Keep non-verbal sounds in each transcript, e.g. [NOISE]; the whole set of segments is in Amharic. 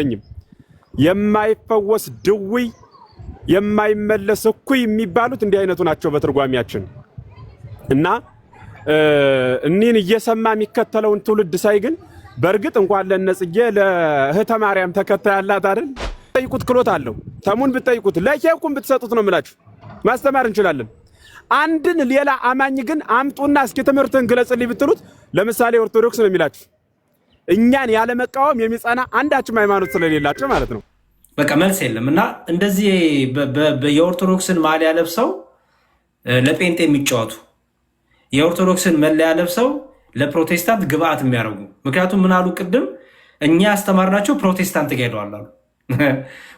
አይመስለኝም። የማይፈወስ ድውይ፣ የማይመለስ እኩይ የሚባሉት እንዲህ አይነቱ ናቸው በትርጓሚያችን እና እኒህን እየሰማ የሚከተለውን ትውልድ ሳይ ግን በእርግጥ እንኳን ለነጽዬ ለእህተ ማርያም ተከታይ አላት አይደል? ጠይቁት፣ ክሎት አለው። ተሙን ብትጠይቁት ለኬኩን ብትሰጡት ነው የምላችሁ። ማስተማር እንችላለን። አንድን ሌላ አማኝ ግን አምጡና እስኪ ትምህርትን ግለጽልኝ ብትሉት ለምሳሌ ኦርቶዶክስ ነው የሚላችሁ እኛን ያለመቃወም የሚጸና አንዳችም ሃይማኖት ስለሌላቸው ማለት ነው። በቃ መልስ የለም እና እንደዚህ የኦርቶዶክስን ማሊያ ለብሰው ለጴንጤ የሚጫወቱ የኦርቶዶክስን መለያ ለብሰው ለፕሮቴስታንት ግብአት የሚያደርጉ ምክንያቱም ምናሉ ቅድም እኛ ያስተማርናቸው ፕሮቴስታንት ጋር ሄደዋል አሉ። [LAUGHS]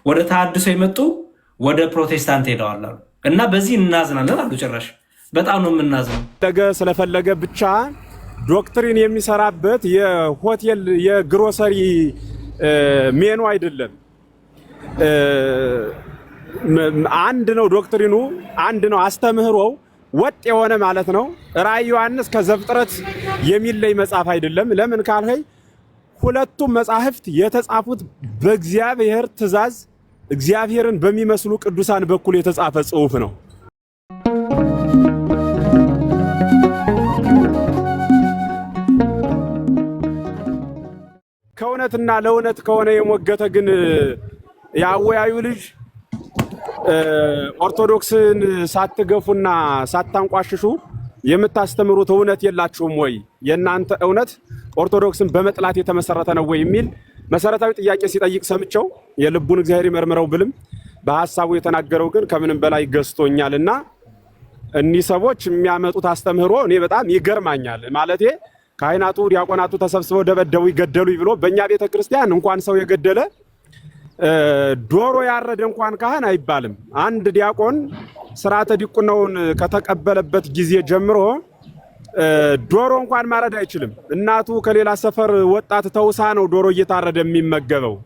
ወደ ተሐድሶ የመጡ ወደ ፕሮቴስታንት ሄደዋል አሉ እና በዚህ እናዝናለን አሉ። ጭራሽ በጣም ነው የምናዝነው። ስለፈለገ ብቻ ዶክትሪን የሚሰራበት የሆቴል የግሮሰሪ ሜኑ አይደለም። አንድ ነው ዶክትሪኑ፣ አንድ ነው አስተምህሮው ወጥ የሆነ ማለት ነው። ራእይ ዮሐንስ ከዘፍጥረት የሚለይ መጽሐፍ አይደለም። ለምን ካልኸይ ሁለቱም መጽሐፍት የተጻፉት በእግዚአብሔር ትእዛዝ እግዚአብሔርን በሚመስሉ ቅዱሳን በኩል የተጻፈ ጽሑፍ ነው። ከእውነትና ለእውነት ከሆነ የሞገተ ግን የአወያዩ ልጅ ኦርቶዶክስን ሳትገፉና ሳታንቋሽሹ የምታስተምሩት እውነት የላችሁም ወይ? የእናንተ እውነት ኦርቶዶክስን በመጥላት የተመሰረተ ነው ወይ የሚል መሰረታዊ ጥያቄ ሲጠይቅ ሰምቸው የልቡን እግዚአብሔር ይመርምረው ብልም በሀሳቡ የተናገረው ግን ከምንም በላይ ገዝቶኛል እና እኒህ ሰዎች የሚያመጡት አስተምህሮ እኔ በጣም ይገርማኛል ማለቴ ካህናቱ ዲያቆናቱ ተሰብስበው ደበደቡ ይገደሉ ብሎ በእኛ ቤተ ክርስቲያን እንኳን ሰው የገደለ ዶሮ ያረደ እንኳን ካህን አይባልም። አንድ ዲያቆን ስርዓተ ዲቁናውን ከተቀበለበት ጊዜ ጀምሮ ዶሮ እንኳን ማረድ አይችልም። እናቱ ከሌላ ሰፈር ወጣት ተውሳ ነው ዶሮ እየታረደ የሚመገበው።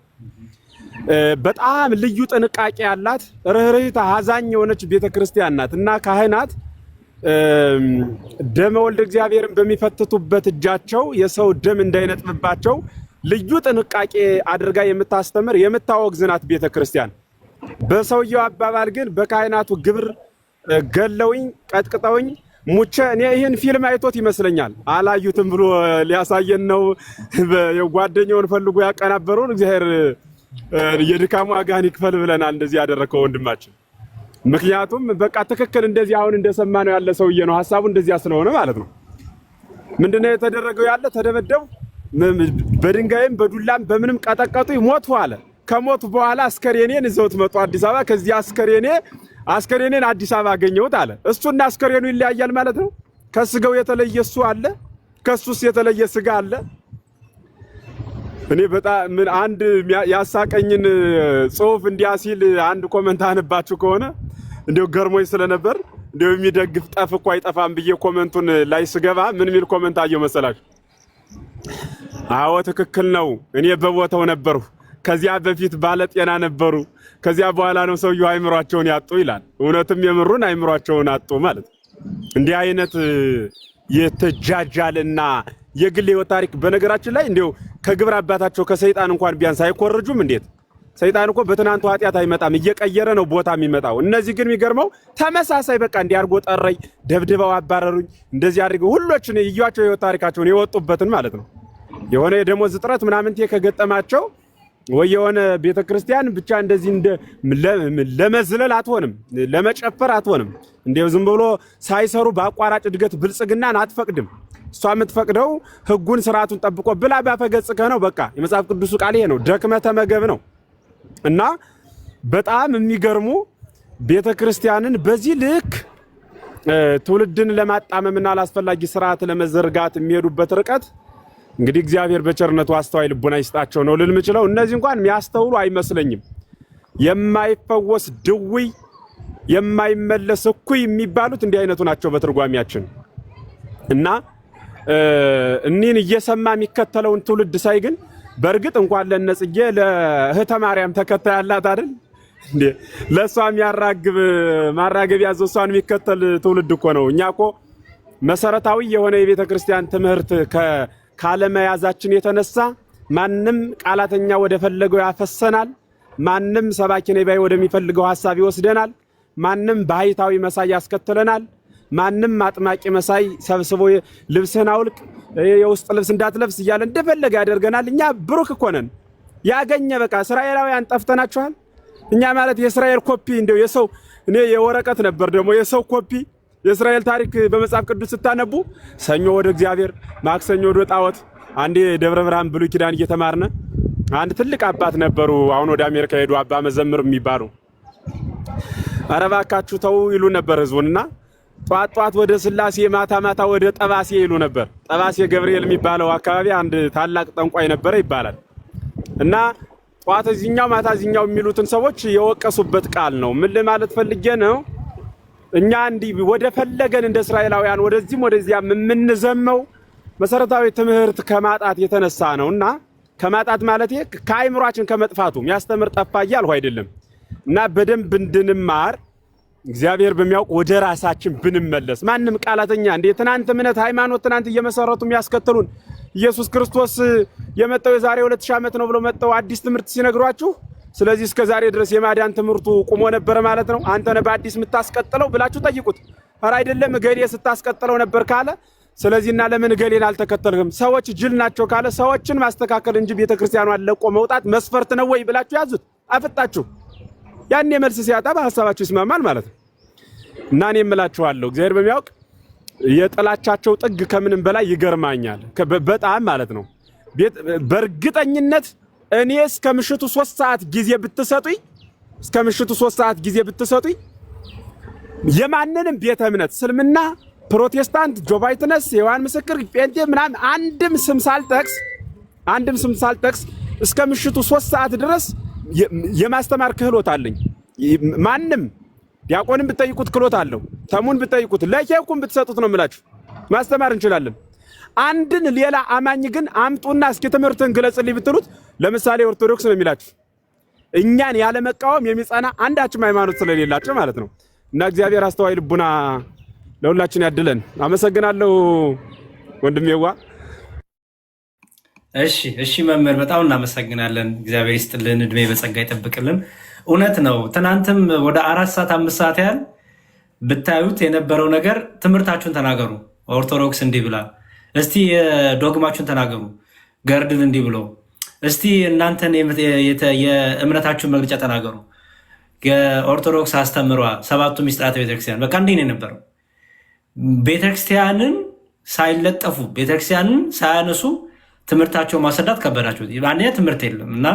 በጣም ልዩ ጥንቃቄ ያላት ርኅርኅት አዛኝ የሆነች ቤተ ክርስቲያን ናት እና ካህናት ደመ ወልድ እግዚአብሔርን በሚፈትቱበት እጃቸው የሰው ደም እንዳይነጥብባቸው ልዩ ጥንቃቄ አድርጋ የምታስተምር የምታወግዝ ናት ቤተ ክርስቲያን። በሰውየው አባባል ግን በካህናቱ ግብር ገለውኝ፣ ቀጥቅጠውኝ ሙቸ እኔ ይህን ፊልም አይቶት ይመስለኛል። አላዩትም ብሎ ሊያሳየን ነው። ጓደኛውን ፈልጎ ያቀናበረውን እግዚአብሔር የድካሙ አጋን ይክፈል ብለናል። እንደዚህ ያደረግከው ወንድማችን ምክንያቱም በቃ ትክክል እንደዚህ አሁን እንደሰማ ነው ያለ ሰውዬ ነው ሀሳቡ እንደዚያ ስለሆነ ማለት ነው። ምንድነው የተደረገው? ያለ ተደበደቡ፣ በድንጋይም በዱላም በምንም ቀጠቀጡ፣ ሞቱ አለ። ከሞቱ በኋላ አስከሬኔን ይዘውት መጡ አዲስ አበባ። ከዚህ አስከሬኔ አስከሬኔን አዲስ አበባ አገኘሁት አለ። እሱና አስከሬኑ ይለያያል ማለት ነው። ከስጋው የተለየ እሱ አለ፣ ከሱስ የተለየ ስጋ አለ። እኔ በጣም ምን አንድ ያሳቀኝን ጽሁፍ እንዲያ ሲል አንድ ኮመንት አነባችሁ ከሆነ እንዲሁ ገርሞኝ ስለነበር እንዲሁ የሚደግፍ ጠፍ እኮ አይጠፋም ብዬ ኮመንቱን ላይ ስገባ ምን ሚል ኮመንት አየሁ መሰላችሁ? አዎ ትክክል ነው። እኔ በቦታው ነበሩ። ከዚያ በፊት ባለጤና ነበሩ። ከዚያ በኋላ ነው ሰውየው አይምሯቸውን ያጡ ይላል። እውነትም የምሩን አይምሯቸውን አጡ ማለት ነው። እንዲህ አይነት የተጃጃልና የግል ህይወት ታሪክ በነገራችን ላይ እንዲሁ ከግብር አባታቸው ከሰይጣን እንኳን ቢያንስ አይኮርጁም እንዴት? ሰይጣን እኮ በትናንቱ ኃጢአት አይመጣም፣ እየቀየረ ነው ቦታ የሚመጣው። እነዚህ ግን የሚገርመው ተመሳሳይ በቃ እንዲህ ጠረኝ፣ ደብድበው አባረሩኝ፣ እንደዚህ አድርገ ሁሎችን እያቸው የህይወት ታሪካቸውን የወጡበትን ማለት ነው። የሆነ የደሞዝ እጥረት ምናምንት ከገጠማቸው ወይ የሆነ ቤተ ክርስቲያን ብቻ እንደዚህ እንደ ለመዝለል አትሆንም፣ ለመጨፈር አትሆንም። እንደው ዝም ብሎ ሳይሰሩ በአቋራጭ እድገት ብልጽግናን አትፈቅድም። እሷ የምትፈቅደው ህጉን ስርዓቱን ጠብቆ ብላ ባፈገጽከህ ነው። በቃ የመጽሐፍ ቅዱሱ ቃል ይሄ ነው። ደክመ ተመገብ ነው እና በጣም የሚገርሙ ቤተ ክርስቲያንን በዚህ ልክ ትውልድን ለማጣመምና ላስፈላጊ ስርዓት ለመዘርጋት የሚሄዱበት ርቀት እንግዲህ እግዚአብሔር በቸርነቱ አስተዋይ ልቡና ይስጣቸው ነው ልል ምችለው። እነዚህ እንኳን የሚያስተውሉ አይመስለኝም። የማይፈወስ ድውይ፣ የማይመለስ እኩይ የሚባሉት እንዲህ አይነቱ ናቸው በትርጓሚያችን እና እኒን እየሰማ የሚከተለውን ትውልድ ሳይ ግን በእርግጥ እንኳን ለነጽጌ ለእህተ ማርያም ተከታይ አላት አይደል ለእሷ የሚያራግብ ማራገብ ያዘ እሷን የሚከተል ትውልድ እኮ ነው። እኛ እኮ መሰረታዊ የሆነ የቤተ ክርስቲያን ትምህርት ካለመያዛችን የተነሳ ማንም ቃላተኛ ወደ ፈለገው ያፈሰናል። ማንም ሰባኪ ወደሚፈልገው ሀሳብ ይወስደናል። ማንም ባህታዊ መሳይ ያስከትለናል። ማንም አጥማቂ መሳይ ሰብስቦ ልብስህን አውልቅ የውስጥ ልብስ እንዳትለብስ እያለ እንደፈለገ ያደርገናል። እኛ ብሩክ እኮ ነን። ያገኘ በቃ እስራኤላውያን ጠፍተናችኋል። እኛ ማለት የእስራኤል ኮፒ እንደው የሰው እኔ የወረቀት ነበር ደግሞ የሰው ኮፒ የእስራኤል ታሪክ በመጽሐፍ ቅዱስ ስታነቡ ሰኞ ወደ እግዚአብሔር፣ ማክሰኞ ወደ ጣዖት። አንዴ ደብረ ብርሃን ብሉይ ኪዳን እየተማርነ አንድ ትልቅ አባት ነበሩ። አሁን ወደ አሜሪካ ሄዱ። አባ መዘምር የሚባሉ አረባካችሁ ተው ይሉ ነበር ህዝቡንና ጧት ጧት ወደ ስላሴ ማታ ማታ ወደ ጠባሴ ይሉ ነበር። ጠባሴ ገብርኤል የሚባለው አካባቢ አንድ ታላቅ ጠንቋይ ነበረ ይባላል እና ጧት እዚኛው ማታ እዚኛው የሚሉትን ሰዎች የወቀሱበት ቃል ነው። ምን ለማለት ፈልጌ ነው? እኛ እንዲህ ወደ ፈለገን እንደ እስራኤላውያን ወደዚህም ወደዚያ የምንዘመው መሰረታዊ ትምህርት ከማጣት የተነሳ ነው እና ከማጣት ማለት ከአይምሯችን ከመጥፋቱ ያስተምር ጠፋ እያልሁ አይደለም እና በደንብ እንድንማር እግዚአብሔር በሚያውቅ ወደ ራሳችን ብንመለስ ማንም ቃላተኛ እንደ ትናንት እምነት ሃይማኖት ትናንት እየመሰረቱ የሚያስከትሉን ኢየሱስ ክርስቶስ የመጣው የዛሬ 2000 ዓመት ነው ብሎ መጣው አዲስ ትምህርት ሲነግሯችሁ ስለዚህ እስከ ዛሬ ድረስ የማዳን ትምህርቱ ቁሞ ነበር ማለት ነው። አንተ ነህ በአዲስ የምታስቀጥለው ብላችሁ ጠይቁት። ኧረ አይደለም እገሌ ስታስቀጥለው ነበር ካለ ስለዚህ እና ለምን እገሌን አልተከተልህም? ሰዎች ጅል ናቸው ካለ ሰዎችን ማስተካከል እንጂ ቤተክርስቲያኗን ለቆ መውጣት መስፈርት ነው ወይ ብላችሁ ያዙት አፍጣችሁ ያን መልስ ሲያጣ በሀሳባቸው ይስማማል ማለት ነው። እና እኔ እምላችኋለሁ እግዚአብሔር በሚያውቅ የጥላቻቸው ጥግ ከምንም በላይ ይገርማኛል። በጣም ማለት ነው። በእርግጠኝነት እኔ እስከ ምሽቱ ሶስት ሰዓት ጊዜ ብትሰጡኝ እስከ ምሽቱ ሶስት ሰዓት ጊዜ ብትሰጡኝ የማንንም ቤተ እምነት እስልምና፣ ፕሮቴስታንት፣ ጆባይትነስ፣ የዋን ምስክር፣ ጴንጤ ምናምን አንድም ስም ሳልጠቅስ አንድም ስም ሳልጠቅስ እስከ ምሽቱ ሶስት ሰዓት ድረስ የማስተማር ክህሎት አለኝ። ማንም ዲያቆንን ብትጠይቁት ክህሎት አለው። ተሙን ብትጠይቁት፣ ለኬኩን ብትሰጡት ነው የምላችሁ ማስተማር እንችላለን። አንድን ሌላ አማኝ ግን አምጡና እስኪ ትምህርትን ግለጽልኝ ብትሉት፣ ለምሳሌ ኦርቶዶክስ ነው የሚላችሁ እኛን ያለመቃወም የሚጸና አንዳችም ሃይማኖት ስለሌላቸው ማለት ነው። እና እግዚአብሔር አስተዋይ ልቡና ለሁላችን ያድለን። አመሰግናለሁ ወንድሜዋ። እሺ እሺ፣ መምህር በጣም እናመሰግናለን። እግዚአብሔር ይስጥልን፣ እድሜ በጸጋ ይጠብቅልን። እውነት ነው። ትናንትም ወደ አራት ሰዓት አምስት ሰዓት ያህል ብታዩት የነበረው ነገር ትምህርታችሁን ተናገሩ፣ ኦርቶዶክስ እንዲህ ብላ፣ እስቲ ዶግማችሁን ተናገሩ፣ ገርድን እንዲህ ብሎ፣ እስቲ እናንተን የእምነታችሁን መግለጫ ተናገሩ፣ ኦርቶዶክስ አስተምሯ፣ ሰባቱ ሚስጥራተ ቤተክርስቲያን። በቃ እንዲህ ነው የነበረው። ቤተክርስቲያንን ሳይለጠፉ ቤተክርስቲያንን ሳያነሱ ትምህርታቸው ማስረዳት ከበዳቸው። አንደኛ ትምህርት የለም እና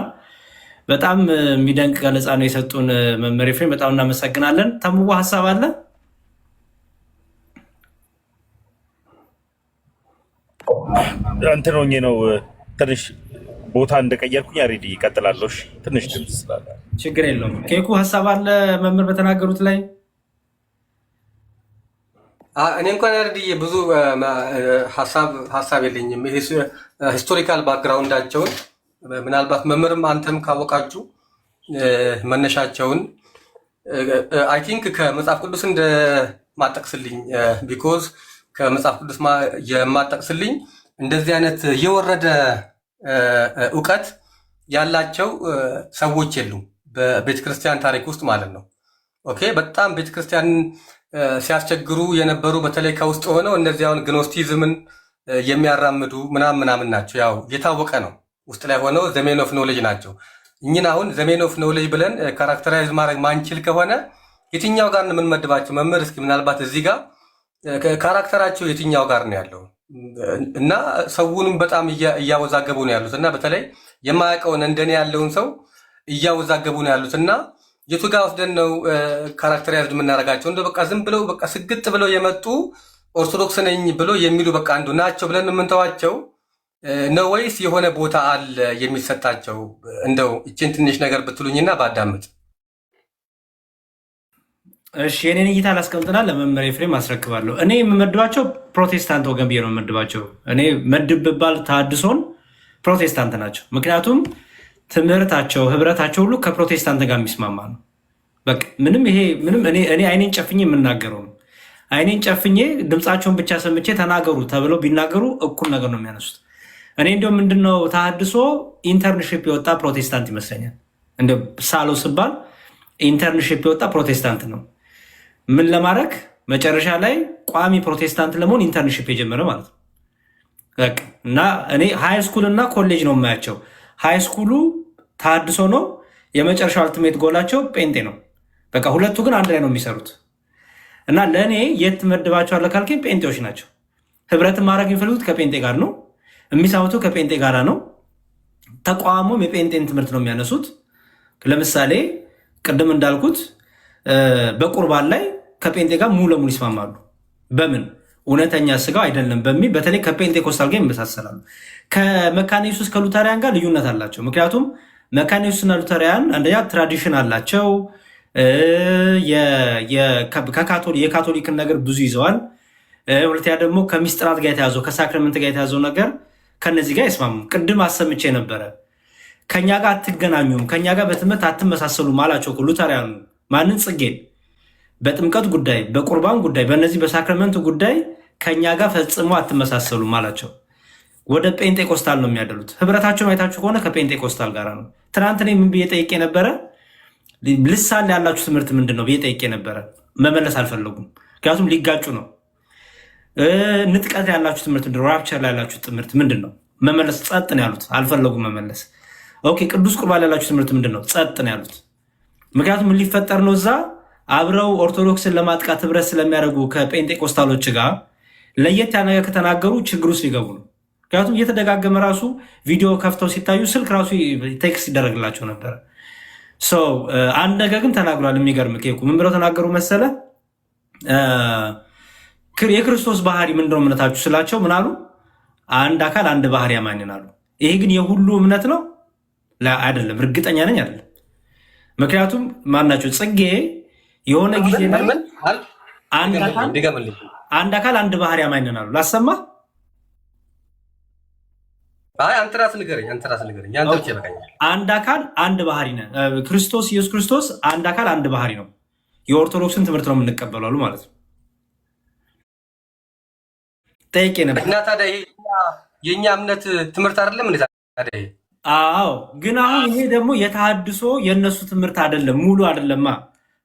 በጣም የሚደንቅ ገለጻ ነው የሰጡን መምህር ኤፍሬም፣ በጣም እናመሰግናለን። ተምዋ ሀሳብ አለ እንትን ሆኜ ነው ትንሽ ቦታ እንደቀየርኩኝ አሬዲ ይቀጥላለሽ። ትንሽ ድምፅ ስላለ ችግር የለውም። ኬኩ ሀሳብ አለ መምህር በተናገሩት ላይ እኔ እንኳን ያርድዬ ብዙ ሀሳብ የለኝም። ሂስቶሪካል ባክግራውንዳቸውን ምናልባት መምህርም አንተም ካወቃችሁ መነሻቸውን አይ ቲንክ ከመጽሐፍ ቅዱስ እንደማጠቅስልኝ ቢኮዝ ከመጽሐፍ ቅዱስ የማጠቅስልኝ እንደዚህ አይነት የወረደ እውቀት ያላቸው ሰዎች የሉም በቤተክርስቲያን ታሪክ ውስጥ ማለት ነው። ኦኬ በጣም ቤተክርስቲያንን ሲያስቸግሩ የነበሩ በተለይ ከውስጥ ሆነው እነዚያውን ግኖስቲዝምን የሚያራምዱ ምናምን ምናምን ናቸው። ያው የታወቀ ነው። ውስጥ ላይ ሆነው ዘሜን ኦፍ ኖሌጅ ናቸው። እኝን አሁን ዘሜን ኦፍ ኖሌጅ ብለን ካራክተራይዝ ማድረግ ማንችል ከሆነ የትኛው ጋር ነው የምንመድባቸው? መምህር እስኪ ምናልባት እዚህ ጋር ካራክተራቸው የትኛው ጋር ነው ያለው እና ሰውንም በጣም እያወዛገቡ ነው ያሉት እና በተለይ የማያውቀውን እንደኔ ያለውን ሰው እያወዛገቡ ነው ያሉት እና የቱ ጋር ወስደን ነው ካራክተራይዝ የምናደርጋቸው? እንደ በቃ ዝም ብለው በቃ ስግጥ ብለው የመጡ ኦርቶዶክስ ነኝ ብለው የሚሉ በቃ አንዱ ናቸው ብለን የምንተዋቸው ነው ወይስ የሆነ ቦታ አለ የሚሰጣቸው? እንደው እችን ትንሽ ነገር ብትሉኝና ባዳምጥ። እሺ የኔን እይታ ላስቀምጥና ለመምህር ኤፍሬም አስረክባለሁ። እኔ የምመድባቸው ፕሮቴስታንት ወገን ብዬ ነው የምመድባቸው። እኔ መድብ ብባል ተሐድሶን ፕሮቴስታንት ናቸው። ምክንያቱም ትምህርታቸው፣ ህብረታቸው ሁሉ ከፕሮቴስታንት ጋር የሚስማማ ነው። በቃ ምንም ይሄ ምንም እኔ አይኔን ጨፍኜ የምናገረው ነው። አይኔን ጨፍኜ ድምፃቸውን ብቻ ሰምቼ ተናገሩ ተብለው ቢናገሩ እኩል ነገር ነው የሚያነሱት። እኔ እንዲሁም ምንድነው ተሐድሶ ኢንተርንሽፕ የወጣ ፕሮቴስታንት ይመስለኛል። እንደ ሳሎ ስባል ኢንተርንሽፕ የወጣ ፕሮቴስታንት ነው። ምን ለማድረግ መጨረሻ ላይ ቋሚ ፕሮቴስታንት ለመሆን ኢንተርንሽፕ የጀመረ ማለት ነው። እና እኔ ሃይ ስኩል እና ኮሌጅ ነው የማያቸው ሃይ ስኩሉ ታድሶ ነው። የመጨረሻ አልቲሜት ጎላቸው ጴንጤ ነው። በቃ ሁለቱ ግን አንድ ላይ ነው የሚሰሩት እና ለእኔ የት መድባቸዋለሁ ካልከኝ ጴንጤዎች ናቸው። ህብረትን ማድረግ የሚፈልጉት ከጴንጤ ጋር ነው። የሚሳውቱ ከጴንጤ ጋር ነው። ተቋሙም የጴንጤን ትምህርት ነው የሚያነሱት። ለምሳሌ ቅድም እንዳልኩት በቁርባን ላይ ከጴንጤ ጋር ሙሉ ለሙሉ ይስማማሉ። በምን እውነተኛ ስጋው አይደለም በሚል በተለይ ከጴንጤኮስታል ጋር ይመሳሰላሉ። ከመካነ ኢየሱስ ከሉተሪያን ጋር ልዩነት አላቸው። ምክንያቱም መካኒስትና ሉተሪያን አንደኛ ትራዲሽን አላቸው። የካቶሊክን ነገር ብዙ ይዘዋል። ሁለተኛ ደግሞ ከሚስጥራት ጋር የተያዘው ከሳክረመንት ጋር የተያዘው ነገር ከነዚህ ጋር ይስማሙ። ቅድም አሰምቼ ነበረ። ከኛ ጋር አትገናኙም፣ ከኛ ጋር በትምህርት አትመሳሰሉም አላቸው ሉተሪያኑ። ማንን? ጽጌን። በጥምቀት ጉዳይ፣ በቁርባን ጉዳይ፣ በእነዚህ በሳክረመንት ጉዳይ ከኛ ጋር ፈጽሞ አትመሳሰሉም አላቸው። ወደ ጴንጤቆስታል ነው የሚያደሉት። ህብረታቸውን አይታችሁ ከሆነ ከጴንጤቆስታል ጋር ነው። ትናንት ምን ብዬ ጠይቄ ነበረ? ልሳን ያላችሁ ትምህርት ምንድን ነው ብዬ ጠይቄ ነበረ። መመለስ አልፈለጉም፣ ምክንያቱም ሊጋጩ ነው። ንጥቀት ያላችሁ ትምህርት ምንድን ነው? ራፕቸር ላይ ያላችሁ ትምህርት ምንድን ነው? መመለስ ጸጥ ነው ያሉት፣ አልፈለጉም መመለስ። ኦኬ ቅዱስ ቁርባን ያላችሁ ትምህርት ምንድን ነው? ጸጥ ነው ያሉት። ምክንያቱም ሊፈጠር ነው? እዛ አብረው ኦርቶዶክስን ለማጥቃት ህብረት ስለሚያደርጉ ከጴንጤቆስታሎች ጋር ለየት ያነገ ከተናገሩ ችግር ውስጥ ሊገቡ ነው። ምክንያቱም እየተደጋገመ ራሱ ቪዲዮ ከፍተው ሲታዩ ስልክ ራሱ ቴክስት ይደረግላቸው ነበረ። ሰው አንድ ነገር ግን ተናግሯል። የሚገርም ኬኩ ምን ብለው ተናገሩ መሰለ? የክርስቶስ ባህሪ ምንድነው እምነታችሁ ስላቸው ምን አሉ? አንድ አካል አንድ ባህሪ አማኝን አሉ። ይሄ ግን የሁሉ እምነት ነው አይደለም፣ እርግጠኛ ነኝ አይደለም። ምክንያቱም ማናቸው ጽጌ የሆነ ጊዜ አንድ አካል አንድ ባህሪ አማኝን አሉ። ላሰማ አይ አንተ ራስህ ንገረኝ፣ አንተ ራስህ ንገረኝ። አንድ አካል አንድ ባህሪ ነው። ክርስቶስ ኢየሱስ ክርስቶስ አንድ አካል አንድ ባህሪ ነው። የኦርቶዶክስን ትምህርት ነው የምንቀበላሉ ማለት ነው። ጠይቄ ነበር። እና ታዲያ የእኛ እምነት ትምህርት አይደለም እንዴ? ታዲያ አዎ። ግን አሁን ይሄ ደግሞ የተሃድሶ የእነሱ ትምህርት አይደለም፣ ሙሉ አይደለማ።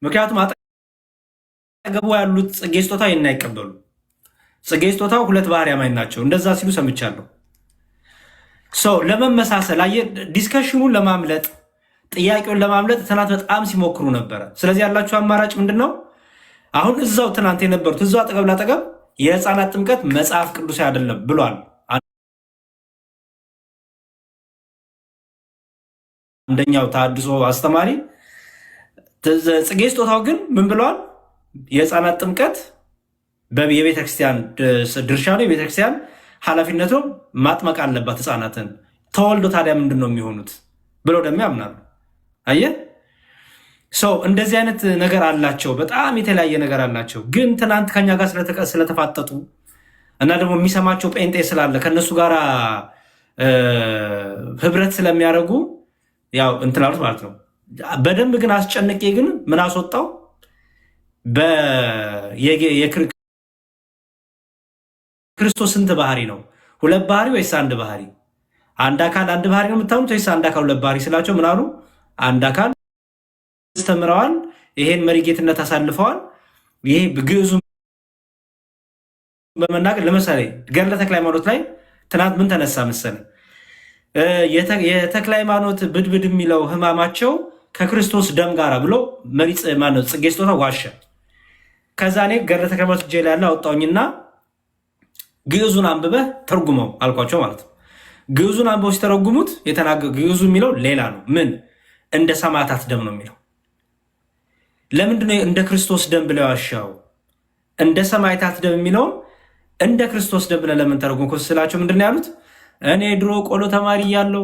ምክንያቱም አጠገቡ ያሉት ጽጌ ስጦታ አይቀበሉ። ጽጌ ስጦታው ሁለት ባህርያማኝ ናቸው። እንደዛ ሲሉ ሰምቻለሁ። ሰው ለመመሳሰል አየ ዲስከሽኑን ለማምለጥ ጥያቄውን ለማምለጥ ትናንት በጣም ሲሞክሩ ነበረ። ስለዚህ ያላችሁ አማራጭ ምንድን ነው? አሁን እዛው ትናንት የነበሩት እዛው አጠገብ ላጠገብ የህፃናት ጥምቀት መጽሐፍ ቅዱስ አይደለም ብሏል። አንደኛው ተሐድሶ አስተማሪ ጽጌ ስጦታው ግን ምን ብለዋል? የህፃናት ጥምቀት የቤተክርስቲያን ድርሻ ነው፣ የቤተክርስቲያን ኃላፊነቱም ማጥመቅ አለባት ህፃናትን። ተወልዶ ታዲያ ምንድን ነው የሚሆኑት ብለው ደግሞ ያምናሉ። አየ ሰው እንደዚህ አይነት ነገር አላቸው። በጣም የተለያየ ነገር አላቸው። ግን ትናንት ከኛ ጋር ስለተፋጠጡ እና ደግሞ የሚሰማቸው ጴንጤ ስላለ ከእነሱ ጋር ህብረት ስለሚያደርጉ ያው እንትላሉት አሉት ማለት ነው። በደንብ ግን አስጨንቄ ግን ምን አስወጣው ክርስቶስ ስንት ባህሪ ነው? ሁለት ባህሪ ወይስ አንድ ባህሪ? አንድ አካል አንድ ባህሪ ነው የምታምኑት ወይስ አንድ አካል ሁለት ባህሪ ስላቸው ምን አሉ? አንድ አካል ተምረዋል። ይሄን መሪጌትነት አሳልፈዋል። ይሄ ግዕዙ በመናገር ለምሳሌ ገድለ ተክለ ሃይማኖት ላይ ትናንት ምን ተነሳ መሰለ? የተክለ ሃይማኖት ብድብድ የሚለው ህማማቸው ከክርስቶስ ደም ጋር ብሎ መሪ ጽጌ ስጦታ ዋሸ። ከዛ እኔ ገድለ ተክለ ሃይማኖት እጄ ላይ ያለ አወጣውኝና ግዕዙን አንብበህ ተርጉመው አልኳቸው ማለት ነው። ግዕዙን አንብበው ሲተረጉሙት ግዕዙ የሚለው ሌላ ነው። ምን እንደ ሰማዕታት ደም ነው የሚለው። ለምንድነው እንደ ክርስቶስ ደም ብለው ያሻው? እንደ ሰማዕታት ደም የሚለውም እንደ ክርስቶስ ደም ብለህ ለምን ተረጉም ስላቸው ምንድን ነው ያሉት? እኔ ድሮ ቆሎ ተማሪ እያለሁ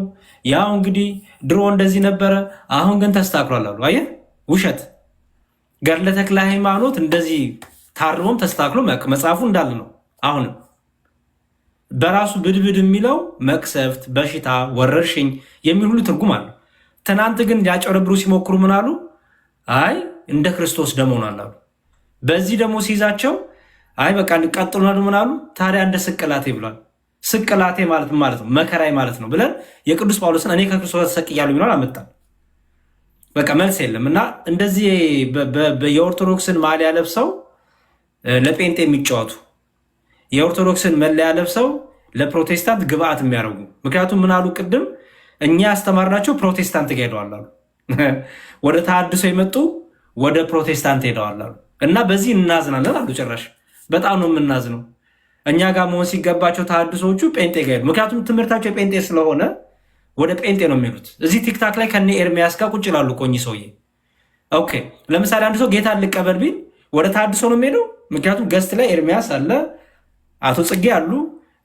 ያው እንግዲህ ድሮ እንደዚህ ነበረ፣ አሁን ግን ተስተካክሏል አሉ። አየህ ውሸት። ገድለ ተክለ ሃይማኖት እንደዚህ ታርቦም ተስተካክሎ መጽሐፉ እንዳለ ነው አሁንም በራሱ ብድብድ የሚለው መቅሰፍት፣ በሽታ፣ ወረርሽኝ የሚል ሁሉ ትርጉም አለ። ትናንት ግን ሊያጨረብሩ ሲሞክሩ ምን አሉ? አይ እንደ ክርስቶስ ደም ሆኗል አሉ። በዚህ ደግሞ ሲይዛቸው አይ በቃ እንቀጥሉናል ምን አሉ? ታዲያ እንደ ስቅላቴ ብሏል። ስቅላቴ ማለት ማለት ነው መከራይ ማለት ነው ብለን የቅዱስ ጳውሎስን እኔ ከክርስቶስ ተሰቅያለሁ የሚለውን አመጣል። በቃ መልስ የለም እና እንደዚህ የኦርቶዶክስን ማሊያ ለብሰው ለጴንጤ የሚጫወቱ የኦርቶዶክስን መለያ ለብሰው ለፕሮቴስታንት ግብአት የሚያደርጉ ምክንያቱም ምን አሉ ቅድም እኛ ያስተማርናቸው ፕሮቴስታንት ጋር ሄደዋል አሉ። [LAUGHS] ወደ ተሐድሶ የመጡ ወደ ፕሮቴስታንት ሄደዋል አሉ እና በዚህ እናዝናለን አሉ። ጭራሽ በጣም ነው የምናዝነው። እኛ ጋር መሆን ሲገባቸው ተሐድሶዎቹ ጴንጤ ጋር ሄዱ። ምክንያቱም ትምህርታቸው የጴንጤ ስለሆነ ወደ ጴንጤ ነው የሚሄዱት። እዚህ ቲክታክ ላይ ከኔ ኤርሚያስ ጋር ቁጭ ላሉ ቆኝ ሰውዬ ኦኬ። ለምሳሌ አንድ ሰው ጌታ ልቀበል ቢል ወደ ተሐድሶ ነው የሚሄደው። ምክንያቱም ገስት ላይ ኤርሚያስ አለ አቶ ጽጌ አሉ፣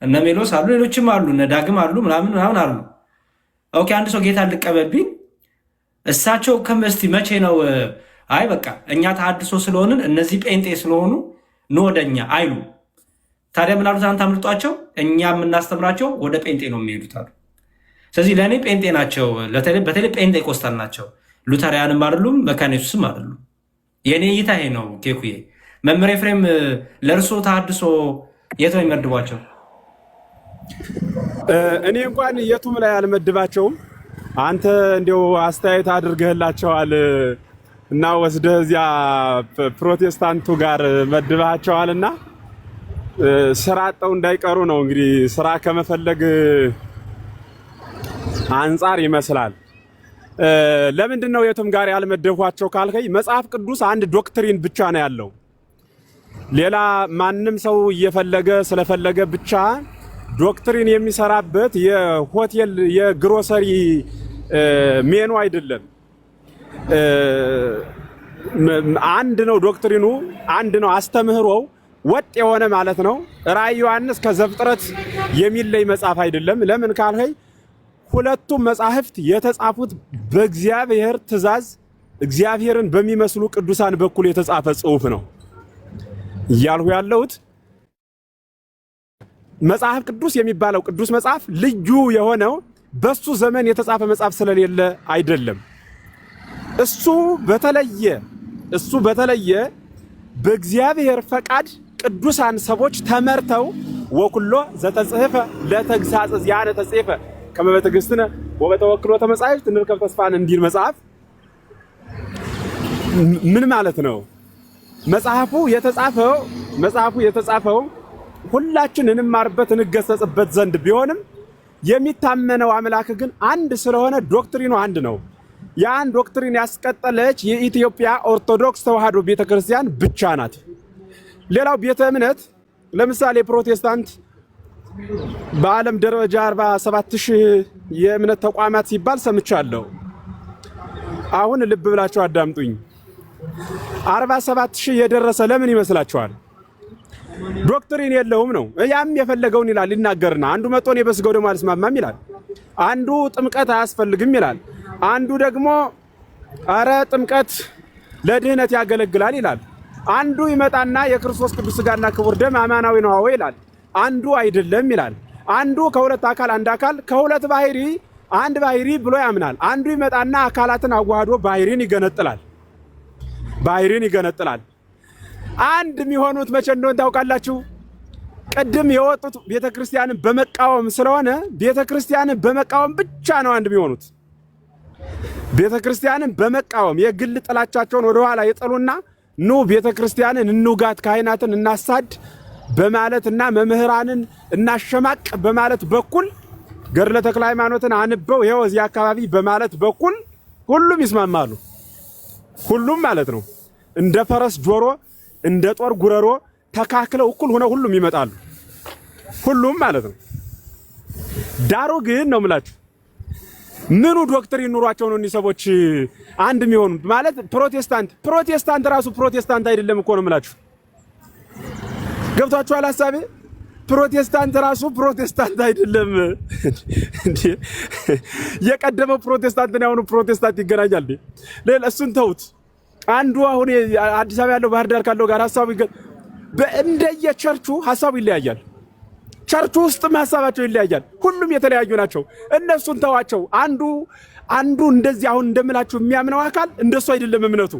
እነ ሜሎስ አሉ፣ ሌሎችም አሉ፣ እነ ዳግም አሉ፣ ምናምን ምናምን አሉ። ኦኬ አንድ ሰው ጌታ ልቀበብኝ እሳቸው ከመስቲ መቼ ነው አይ በቃ እኛ ተሐድሶ ስለሆንን እነዚህ ጴንጤ ስለሆኑ ኑ ወደኛ አይሉ። ታዲያ ምናሉት አንተ አምልጧቸው፣ እኛ የምናስተምራቸው ወደ ጴንጤ ነው የሚሄዱት አሉ። ስለዚህ ለእኔ ጴንጤ ናቸው፣ በተለይ ጴንጤ ቆስታል ናቸው። ሉተሪያንም አይደሉም፣ መካነ ኢየሱስም አይደሉም። የእኔ እይታ ይሄ ነው። ኬኩዬ መምህር ኤፍሬም ለእርሶ ተሐድሶ የት ነው የሚመድቧቸው? እኔ እንኳን የቱም ላይ አልመድባቸውም። አንተ እንዲያው አስተያየት አድርገህላቸዋል እና ወስደህ እዚያ ፕሮቴስታንቱ ጋር መድባቸዋል እና ስራ አጠው እንዳይቀሩ ነው እንግዲህ ስራ ከመፈለግ አንጻር ይመስላል። ለምንድን ነው የቱም ጋር ያልመደብኳቸው ካልከኝ፣ መጽሐፍ ቅዱስ አንድ ዶክትሪን ብቻ ነው ያለው ሌላ ማንም ሰው እየፈለገ ስለፈለገ ብቻ ዶክትሪን የሚሰራበት የሆቴል የግሮሰሪ ሜኑ አይደለም። አንድ ነው ዶክትሪኑ፣ አንድ ነው አስተምህሮው ወጥ የሆነ ማለት ነው። ራዕይ ዮሐንስ ከዘፍጥረት የሚለይ መጽሐፍ አይደለም። ለምን ካልኸይ ሁለቱም መጻሕፍት የተጻፉት በእግዚአብሔር ትእዛዝ እግዚአብሔርን በሚመስሉ ቅዱሳን በኩል የተጻፈ ጽሑፍ ነው። እያልሁ ያለሁት መጽሐፍ ቅዱስ የሚባለው ቅዱስ መጽሐፍ ልዩ የሆነው በሱ ዘመን የተጻፈ መጽሐፍ ስለሌለ አይደለም። እሱ በተለየ እሱ በተለየ በእግዚአብሔር ፈቃድ ቅዱሳን ሰዎች ተመርተው ወኩሎ ዘተጽሕፈ ለተግሳጽ ዚያነ ተጽሕፈ ከመ በትዕግሥትነ ወበተወክሎ ተመጻሕፍት እንርከብ ተስፋን እንዲል መጽሐፍ ምን ማለት ነው? መጽሐፉ የተጻፈው መጽሐፉ የተጻፈው ሁላችን እንማርበት እንገሰጽበት ዘንድ ቢሆንም የሚታመነው አምላክ ግን አንድ ስለሆነ ዶክትሪኑ አንድ ነው። ያን ዶክትሪን ያስቀጠለች የኢትዮጵያ ኦርቶዶክስ ተዋሕዶ ቤተክርስቲያን ብቻ ናት። ሌላው ቤተ እምነት ለምሳሌ ፕሮቴስታንት በዓለም ደረጃ 47 ሺህ የእምነት ተቋማት ሲባል ሰምቻለሁ። አሁን ልብ ብላችሁ አዳምጡኝ። 47000 ሺህ የደረሰ ለምን ይመስላችኋል? ዶክትሪን የለውም ነው። ያም የፈለገውን ይላል ይናገርና፣ አንዱ መጦን የበስገው ደግሞ አልስማማም ይላል፣ አንዱ ጥምቀት አያስፈልግም ይላል፣ አንዱ ደግሞ አረ ጥምቀት ለድህነት ያገለግላል ይላል፣ አንዱ ይመጣና የክርስቶስ ቅዱስ ስጋና ክቡር ደም አማናዊ ነው አወ ይላል፣ አንዱ አይደለም ይላል፣ አንዱ ከሁለት አካል አንድ አካል ከሁለት ባህሪ አንድ ባህሪ ብሎ ያምናል፣ አንዱ ይመጣና አካላትን አዋህዶ ባህሪን ይገነጥላል። ባህርን ይገነጥላል። አንድ የሚሆኑት መቼ እንደሆን ታውቃላችሁ? ቅድም የወጡት ቤተ ክርስቲያንን በመቃወም ስለሆነ ቤተ ክርስቲያንን በመቃወም ብቻ ነው አንድ የሚሆኑት። ቤተ ክርስቲያንን በመቃወም የግል ጥላቻቸውን ወደኋላ የጠሉና ኑ ቤተ ክርስቲያንን እንውጋት፣ ካህናትን እናሳድ በማለትና መምህራንን እናሸማቅ በማለት በኩል ገድለ ተክለ ሃይማኖትን አንበው ይኸው እዚህ አካባቢ በማለት በኩል ሁሉም ይስማማሉ። ሁሉም ማለት ነው እንደ ፈረስ ጆሮ እንደ ጦር ጉረሮ ተካክለው እኩል ሆነው ሁሉም ይመጣሉ። ሁሉም ማለት ነው። ዳሩ ግን ነው የምላችሁ ምኑ ዶክትሪን ኑሯቸው ነው እኒህ ሰዎች አንድ የሚሆኑ ማለት ፕሮቴስታንት ፕሮቴስታንት ራሱ ፕሮቴስታንት አይደለም እኮ ነው ምላችሁ ገብቷችኋል ሀሳቤ? ፕሮቴስታንት ራሱ ፕሮቴስታንት አይደለም። የቀደመው ፕሮቴስታንት የአሁኑ ፕሮቴስታንት ይገናኛል? ሌላ እሱን ተውት። አንዱ አሁን አዲስ አበባ ያለው ባህር ዳር ካለው ጋር ሀሳቡ እንደየ ቸርቹ ሀሳቡ ይለያያል። ቸርቹ ውስጥም ሀሳባቸው ይለያያል። ሁሉም የተለያዩ ናቸው። እነሱን ተዋቸው። አንዱ አንዱ እንደዚህ አሁን እንደምላችሁ የሚያምነው አካል እንደሱ አይደለም እምነቱ።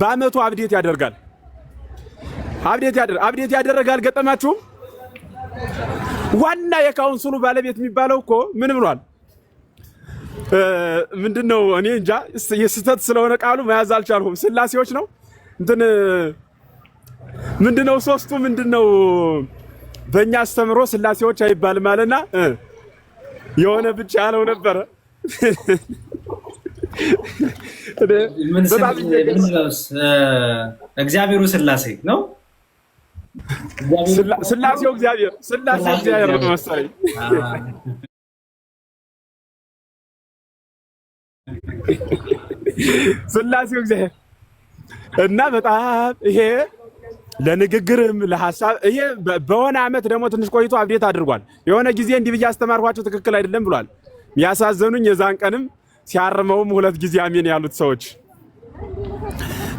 በአመቱ አብዴት ያደርጋል። አብዴት ያደርጋል። ገጠማችሁም ዋና የካውንስሉ ባለቤት የሚባለው እኮ ምን ብሏል? ምንድን ነው? እኔ እንጃ የስህተት ስለሆነ ቃሉ መያዝ አልቻልሁም። ስላሴዎች ነው እንትን ምንድነው? ሶስቱ ምንድነው? በእኛ አስተምሮ ስላሴዎች አይባልም አለና የሆነ ብቻ ያለው ነበረ። እግዚአብሔሩ ስላሴ ነው ስላሴው እግዚአብሔር ስላሴው እግዚአብሔር ነው መሰለኝ። ስላሴው እግዚአብሔር እና በጣም ይሄ ለንግግርም ለሀሳብ ይሄ በሆነ አመት ደግሞ ትንሽ ቆይቶ አብዴት አድርጓል። የሆነ ጊዜ እንዲህ ብዬ አስተማርኳቸው ትክክል አይደለም ብሏል። ያሳዘኑኝ የዛን ቀንም ሲያርመውም ሁለት ጊዜ አሜን ያሉት ሰዎች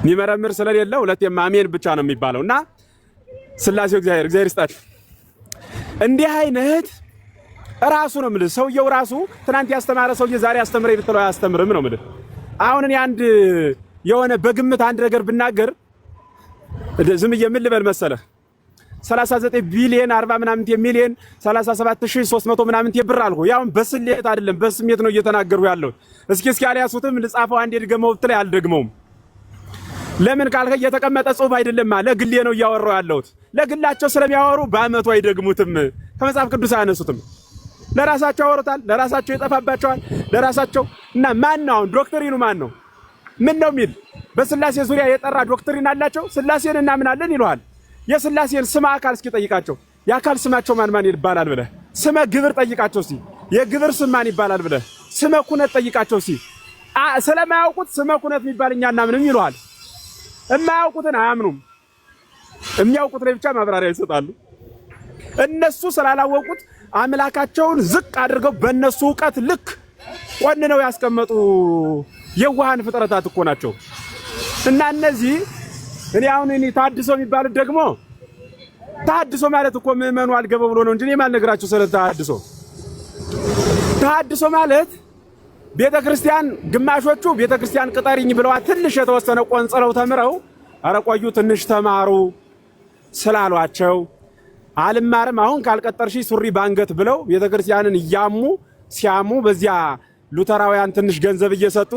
የሚመረምር ስለሌለ ሁለት አሜን ብቻ ነው የሚባለው እና ስላሴው እግዚአብሔር እግዚአብሔር ይስጣችሁ። እንዲህ አይነት ራሱ ነው የምልህ። ሰውየው ራሱ ትናንት ያስተማረ ሰውዬ ዛሬ አስተምረኝ ብትለው አያስተምርም ነው የምልህ። አሁን እኔ አንድ የሆነ በግምት አንድ ነገር ብናገር ዝም ብዬ ምን ልበል መሰለህ 39 ቢሊየን 40 ምናምን ሚሊየን 37300 ምናምን ብር አልኩ። ያው በስሌት አይደለም በስሜት ነው እየተናገሩ ያለው። እስኪ እስኪ አልያሱትም ልጻፈው አንዴ ድገመው ብትለኝ አልደግመውም። ለምን ካልከ የተቀመጠ ጽሁፍ አይደለም፣ ለግሌ ነው እያወራው ያለሁት። ለግላቸው ስለሚያወሩ በአመቱ አይደግሙትም፣ ከመጽሐፍ ቅዱስ አያነሱትም። ለራሳቸው ያወሩታል፣ ለራሳቸው ይጠፋባቸዋል፣ ለራሳቸው እና ማን ነው አሁን ዶክትሪኑ ማን ነው? ምን ነው የሚል በስላሴ ዙሪያ የጠራ ዶክትሪን አላቸው። ስላሴን እናምናለን ይለዋል። የስላሴን ስመ አካል እስኪ ጠይቃቸው። የአካል ስማቸው ማን ማን ይባላል ብለህ ስመ ግብር ጠይቃቸው እስኪ። የግብር ስም ማን ይባላል ብለህ ስመ ኩነት ጠይቃቸው እስኪ። ስለማያውቁት ስመ ኩነት የሚባል እኛ እናምንም ይለዋል። የማያውቁትን አያምኑም። የሚያውቁት ላይ ብቻ ማብራሪያ ይሰጣሉ። እነሱ ስላላወቁት አምላካቸውን ዝቅ አድርገው በእነሱ እውቀት ልክ ቆንነው ያስቀመጡ የዋሃን ፍጥረታት እኮ ናቸው። እና እነዚህ እኔ አሁን እኔ ታድሶ የሚባሉት ደግሞ ታድሶ ማለት እኮ ምዕመኑ አልገባ ብሎ ነው እንጂ እኔም አልነግራቸው ስለ ታድሶ ታድሶ ማለት ቤተ ክርስቲያን ግማሾቹ ቤተ ክርስቲያን ቅጠሪኝ ብለዋ ትንሽ የተወሰነ ቆንጽለው ተምረው ኧረ ቆዩ ትንሽ ተማሩ ስላሏቸው አልማርም አሁን ካልቀጠርሽ ሱሪ ባንገት ብለው ቤተ ክርስቲያንን እያሙ ሲያሙ በዚያ ሉተራውያን ትንሽ ገንዘብ እየሰጡ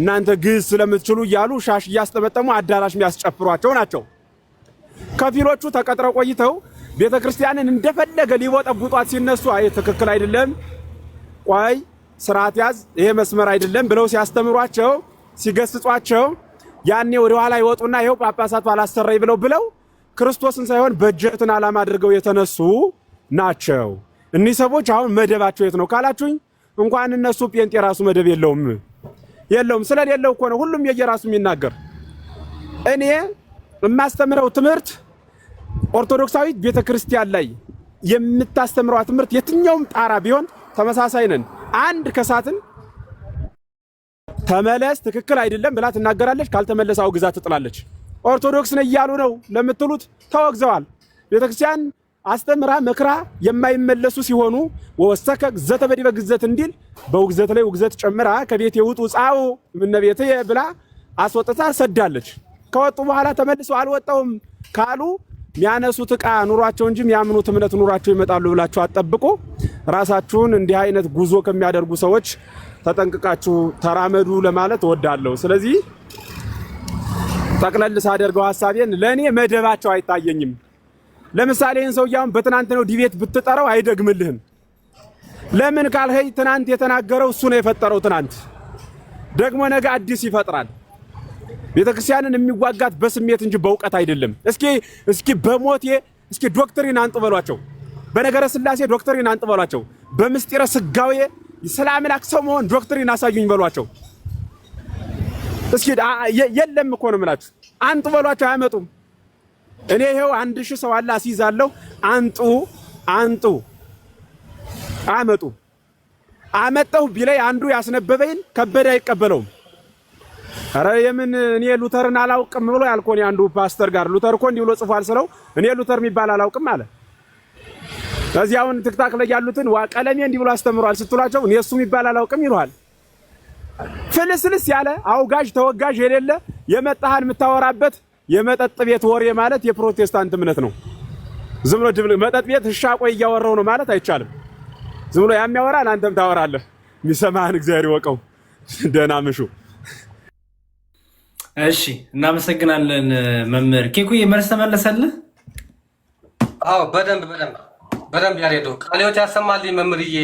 እናንተ ግዕዝ ስለምትችሉ እያሉ ሻሽ እያስጠመጠሙ አዳራሽ የሚያስጨፍሯቸው ናቸው። ከፊሎቹ ተቀጥረው ቆይተው ቤተ ክርስቲያንን እንደፈለገ ሊቦጠቡጧት ሲነሱ አይ ትክክል አይደለም ቆይ ስርዓት ያዝ፣ ይሄ መስመር አይደለም ብለው ሲያስተምሯቸው፣ ሲገስጿቸው ያኔ ወደ ኋላ ይወጡና ይኸው ጳጳሳቱ አላሰረይ ብለው ብለው ክርስቶስን ሳይሆን በጀትን ዓላማ አድርገው የተነሱ ናቸው። እኒህ ሰዎች አሁን መደባቸው የት ነው ካላችሁኝ፣ እንኳን እነሱ ጴንጤ የራሱ መደብ የለውም የለውም። ስለሌለው እኮ ነው ሁሉም የየራሱ የሚናገር። እኔ የማስተምረው ትምህርት ኦርቶዶክሳዊት ቤተክርስቲያን ላይ የምታስተምረዋ ትምህርት የትኛውም ጣራ ቢሆን ተመሳሳይ ነን። አንድ ከሳትን ተመለስ ትክክል አይደለም ብላ ትናገራለች። ካልተመለስ አውግዛ ትጥላለች። ኦርቶዶክስ ነው እያሉ ነው ለምትሉት ተወግዘዋል። ቤተክርስቲያን አስተምራ መክራ የማይመለሱ ሲሆኑ ወሰከ ግዘተ በዲበ ግዘት እንዲል በውግዘት ላይ ውግዘት ጨምራ ከቤት የውጡ ጻው ምነቤት ብላ አስወጥታ ሰዳለች። ከወጡ በኋላ ተመልሰው አልወጣውም ካሉ የሚያነሱት እቃ ኑሯቸው እንጂ የሚያምኑት እምነት ኑሯቸው ይመጣሉ ብላችሁ አጠብቁ። ራሳችሁን እንዲህ አይነት ጉዞ ከሚያደርጉ ሰዎች ተጠንቅቃችሁ ተራመዱ ለማለት እወዳለሁ። ስለዚህ ጠቅለል ሳደርገው ሀሳቤን ለእኔ መደባቸው አይታየኝም። ለምሳሌ ይህን ሰውዬ በትናንት ነው ዲቤት ብትጠራው አይደግምልህም። ለምን ካልኸኝ ትናንት የተናገረው እሱ ነው የፈጠረው። ትናንት ደግሞ ነገ አዲስ ይፈጥራል። ቤተ ክርስቲያንን የሚዋጋት በስሜት እንጂ በእውቀት አይደለም። እስኪ እስኪ በሞቴ እስኪ ዶክትሪን አንጥበሏቸው፣ በነገረ ስላሴ ዶክትሪን አንጥበሏቸው፣ በምስጢረ ስጋዌ ስለ አምላክ ሰው መሆን ዶክትሪን አሳዩኝ በሏቸው። እስኪ የለም እኮ ነው የምላችሁ። አንጡ በሏቸው፣ አያመጡም። እኔ ይሄው አንድ ሺህ ሰው አለ አስይዛለሁ። አንጡ አንጡ፣ አመጡ አመጣሁ ቢለይ አንዱ ያስነበበይን ከበደ አይቀበለውም። አረ የምን እኔ ሉተርን አላውቅም ብሎ ያልኮኔ አንዱ ፓስተር ጋር ሉተር እኮ እንዲህ ብሎ ጽፏል ስለው እኔ ሉተር የሚባል አላውቅም አለ። ከዚህ አሁን ትክታክ ላይ ያሉትን ቀለሜ እንዲህ ብሎ አስተምሯል ስትሏቸው እኔ እሱ የሚባል አላውቅም ይሏል። ፍልስልስ ያለ አውጋዥ ተወጋዥ የሌለ የመጣህን የምታወራበት የመጠጥ ቤት ወሬ ማለት የፕሮቴስታንት እምነት ነው። ዝም ብሎ ድብል መጠጥ ቤት እሺ እያወራው ነው ማለት አይቻልም። ዝም ብሎ ያም ያወራል፣ አንተም ታወራለህ። የሚሰማህን እግዚአብሔር ይወቀው። ደህና ምሹ። እሺ እናመሰግናለን መምህር ኬኩ መልስ ተመለሰልህ? አዎ በደንብ በደንብ በደንብ ያሬዶ ቃሌዎት ያሰማልኝ መምህርዬ፣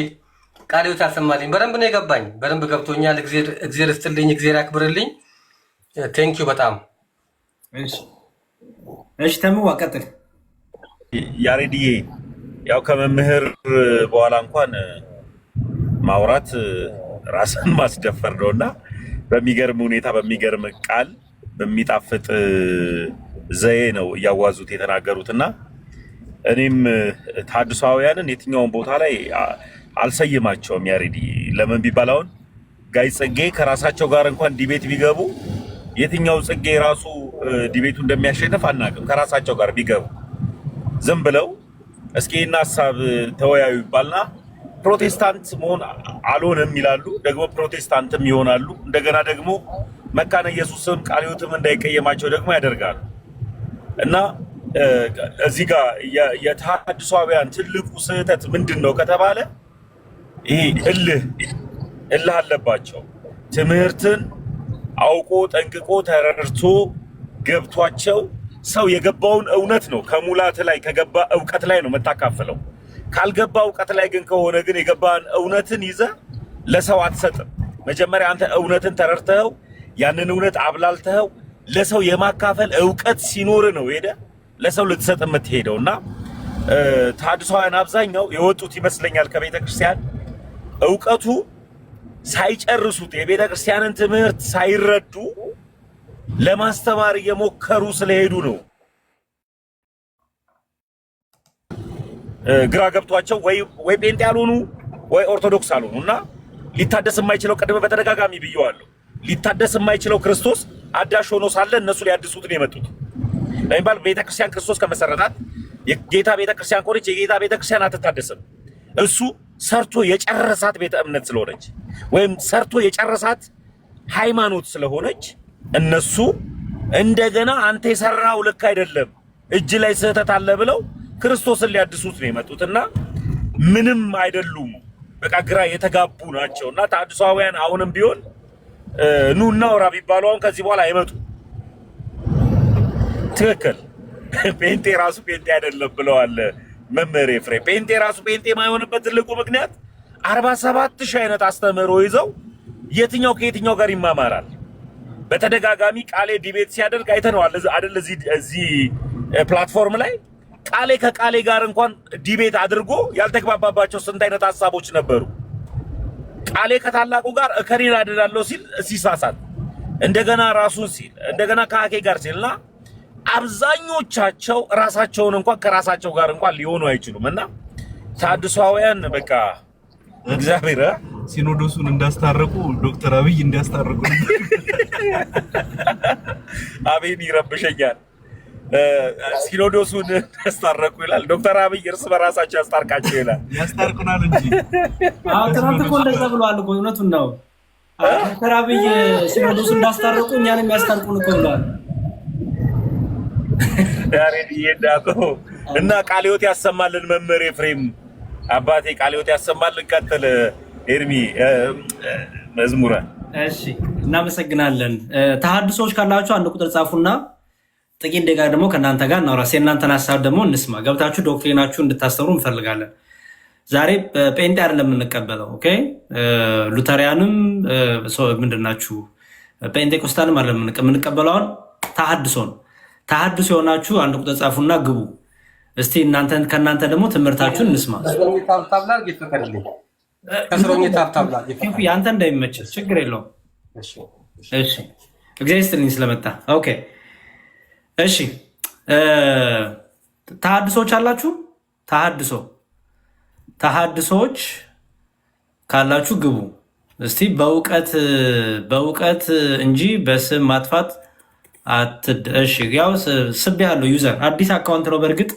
ቃሌዎት ያሰማልኝ። በደንብ ነው የገባኝ፣ በደንብ ገብቶኛል። እግዜር ይስጥልኝ፣ እግዜር ያክብርልኝ። ቴንኪዩ በጣም እሺ። ተምዋ ቀጥል ያሬድዬ። ያው ከመምህር በኋላ እንኳን ማውራት ራስን ማስደፈር ነው እና በሚገርም ሁኔታ በሚገርም ቃል በሚጣፍጥ ዘዬ ነው እያዋዙት የተናገሩት እና እኔም ታድሷውያንን የትኛውን ቦታ ላይ አልሰይማቸውም። ያሬዲ ለምን ቢባል አሁን ጋይ ጽጌ ከራሳቸው ጋር እንኳን ዲቤት ቢገቡ የትኛው ጽጌ ራሱ ዲቤቱ እንደሚያሸንፍ አናውቅም። ከራሳቸው ጋር ቢገቡ ዝም ብለው እስኪ ይህን ሀሳብ ተወያዩ ይባልና ፕሮቴስታንት መሆን አልሆነም ይላሉ። ደግሞ ፕሮቴስታንትም ይሆናሉ። እንደገና ደግሞ መካነ ኢየሱስም ቃለ ሕይወትም እንዳይቀየማቸው ደግሞ ያደርጋሉ እና እዚህ ጋር የተሃድሷውያን ትልቁ ስህተት ምንድን ነው ከተባለ ይሄ እልህ እልህ አለባቸው። ትምህርትን አውቆ ጠንቅቆ ተረድቶ ገብቷቸው ሰው የገባውን እውነት ነው ከሙላት ላይ ከገባ እውቀት ላይ ነው የምታካፍለው። ካልገባ እውቀት ላይ ግን ከሆነ ግን የገባን እውነትን ይዘ ለሰው አትሰጥም። መጀመሪያ አንተ እውነትን ተረድተኸው ያንን እውነት አብላልተኸው ለሰው የማካፈል እውቀት ሲኖር ነው ሄደ ለሰው ልትሰጥ የምትሄደው እና ታድሷውያን አብዛኛው የወጡት ይመስለኛል ከቤተ ክርስቲያን እውቀቱ ሳይጨርሱት የቤተ ክርስቲያንን ትምህርት ሳይረዱ ለማስተማር እየሞከሩ ስለሄዱ ነው ግራ ገብቷቸው ወይ ጴንጤ ያልሆኑ ወይ ኦርቶዶክስ አልሆኑ እና ሊታደስ የማይችለው ቀድመ በተደጋጋሚ ብየዋለሁ። ሊታደስ የማይችለው ክርስቶስ አዳሽ ሆኖ ሳለ እነሱ ሊያድሱት ነው የመጡት ለሚባል ቤተክርስቲያን ክርስቶስ ከመሰረታት የጌታ ቤተክርስቲያን ከሆነች የጌታ ቤተክርስቲያን አትታደስም። እሱ ሰርቶ የጨረሳት ቤተ እምነት ስለሆነች ወይም ሰርቶ የጨረሳት ሃይማኖት ስለሆነች እነሱ እንደገና አንተ የሰራው ልክ አይደለም፣ እጅ ላይ ስህተት አለ ብለው ክርስቶስን ሊያድሱት ነው የመጡት እና ምንም አይደሉም። በቃ ግራ የተጋቡ ናቸው እና ተሐድሶአውያን አሁንም ቢሆን ኑና ወራ ቢባሉ አሁን ከዚህ በኋላ አይመጡ። ትክክል። [LAUGHS] ጴንጤ ራሱ ጴንጤ አይደለም ብለዋል መምህር ኤፍሬም። ጴንጤ ራሱ ጴንጤ የማይሆንበት ትልቁ ምክንያት አርባ ሰባት ሺህ አይነት አስተምህሮ ይዘው የትኛው ከየትኛው ጋር ይማማራል? በተደጋጋሚ ቃሌ ዲቤት ሲያደርግ አይተነዋል አይደል? እዚህ ፕላትፎርም ላይ ቃሌ ከቃሌ ጋር እንኳን ዲቤት አድርጎ ያልተግባባባቸው ስንት አይነት ሀሳቦች ነበሩ። ቃሌ ከታላቁ ጋር እከሌን አድናለሁ ሲል ሲሳሳት እንደገና ራሱን ሲል እንደገና ከአኬ ጋር ሲልና አብዛኞቻቸው ራሳቸውን እንኳን ከራሳቸው ጋር እንኳን ሊሆኑ አይችሉም። እና ታድሷውያን በቃ እግዚአብሔር ሲኖዶሱን እንዳስታረቁ ዶክተር አብይ እንዲያስታርቁ አቤን ይረብሸኛል። ሲኖዶሱን ያስታረቁ ይላል። ዶክተር አብይ እርስ በራሳቸው ያስታርቃቸው ይላል። ያስታርቁናል እንጂ ትናንት እኮ እንደዛ ብለዋል እውነቱን ነው። ዶክተር አብይ ሲኖዶሱ እንዳስታረቁ እኛንም ያስታርቁን እኮ ብለዋል። እና ቃልዮት ያሰማልን መምህር ኤፍሬም አባቴ ቃልዮት ያሰማልን። ቀጥል ኤርሚ መዝሙረ። እሺ እናመሰግናለን። ተሐድሶዎች ካላችሁ አንድ ቁጥር ጻፉና ጥቂት ደጋ ደግሞ ከእናንተ ጋር እናውራ። የእናንተን ሀሳብ ደግሞ እንስማ። ገብታችሁ ዶክትሪናችሁ እንድታስተምሩ እንፈልጋለን። ዛሬ ጴንጤ አይደለም የምንቀበለው። ኦኬ ሉተሪያንም ምንድናችሁ ጴንጤቆስታንም አለ የምንቀበለው። አሁን ነው። የሆናችሁ አንድ ቁጥር ጻፉና ግቡ። እስቲ ከእናንተ ደግሞ ትምህርታችሁን እንስማ። ያንተ ችግር የለውም። እግዚአብሔር ይስጥልኝ ስለመጣ ኦኬ እሺ ተሐድሶዎች አላችሁ? ተሐድሶ ተሐድሶዎች ካላችሁ ግቡ እስቲ። በእውቀት በእውቀት እንጂ በስም ማጥፋት አትድ። እሺ ያው ስብ ያለው ዩዘር አዲስ አካውንት ነው በእርግጥ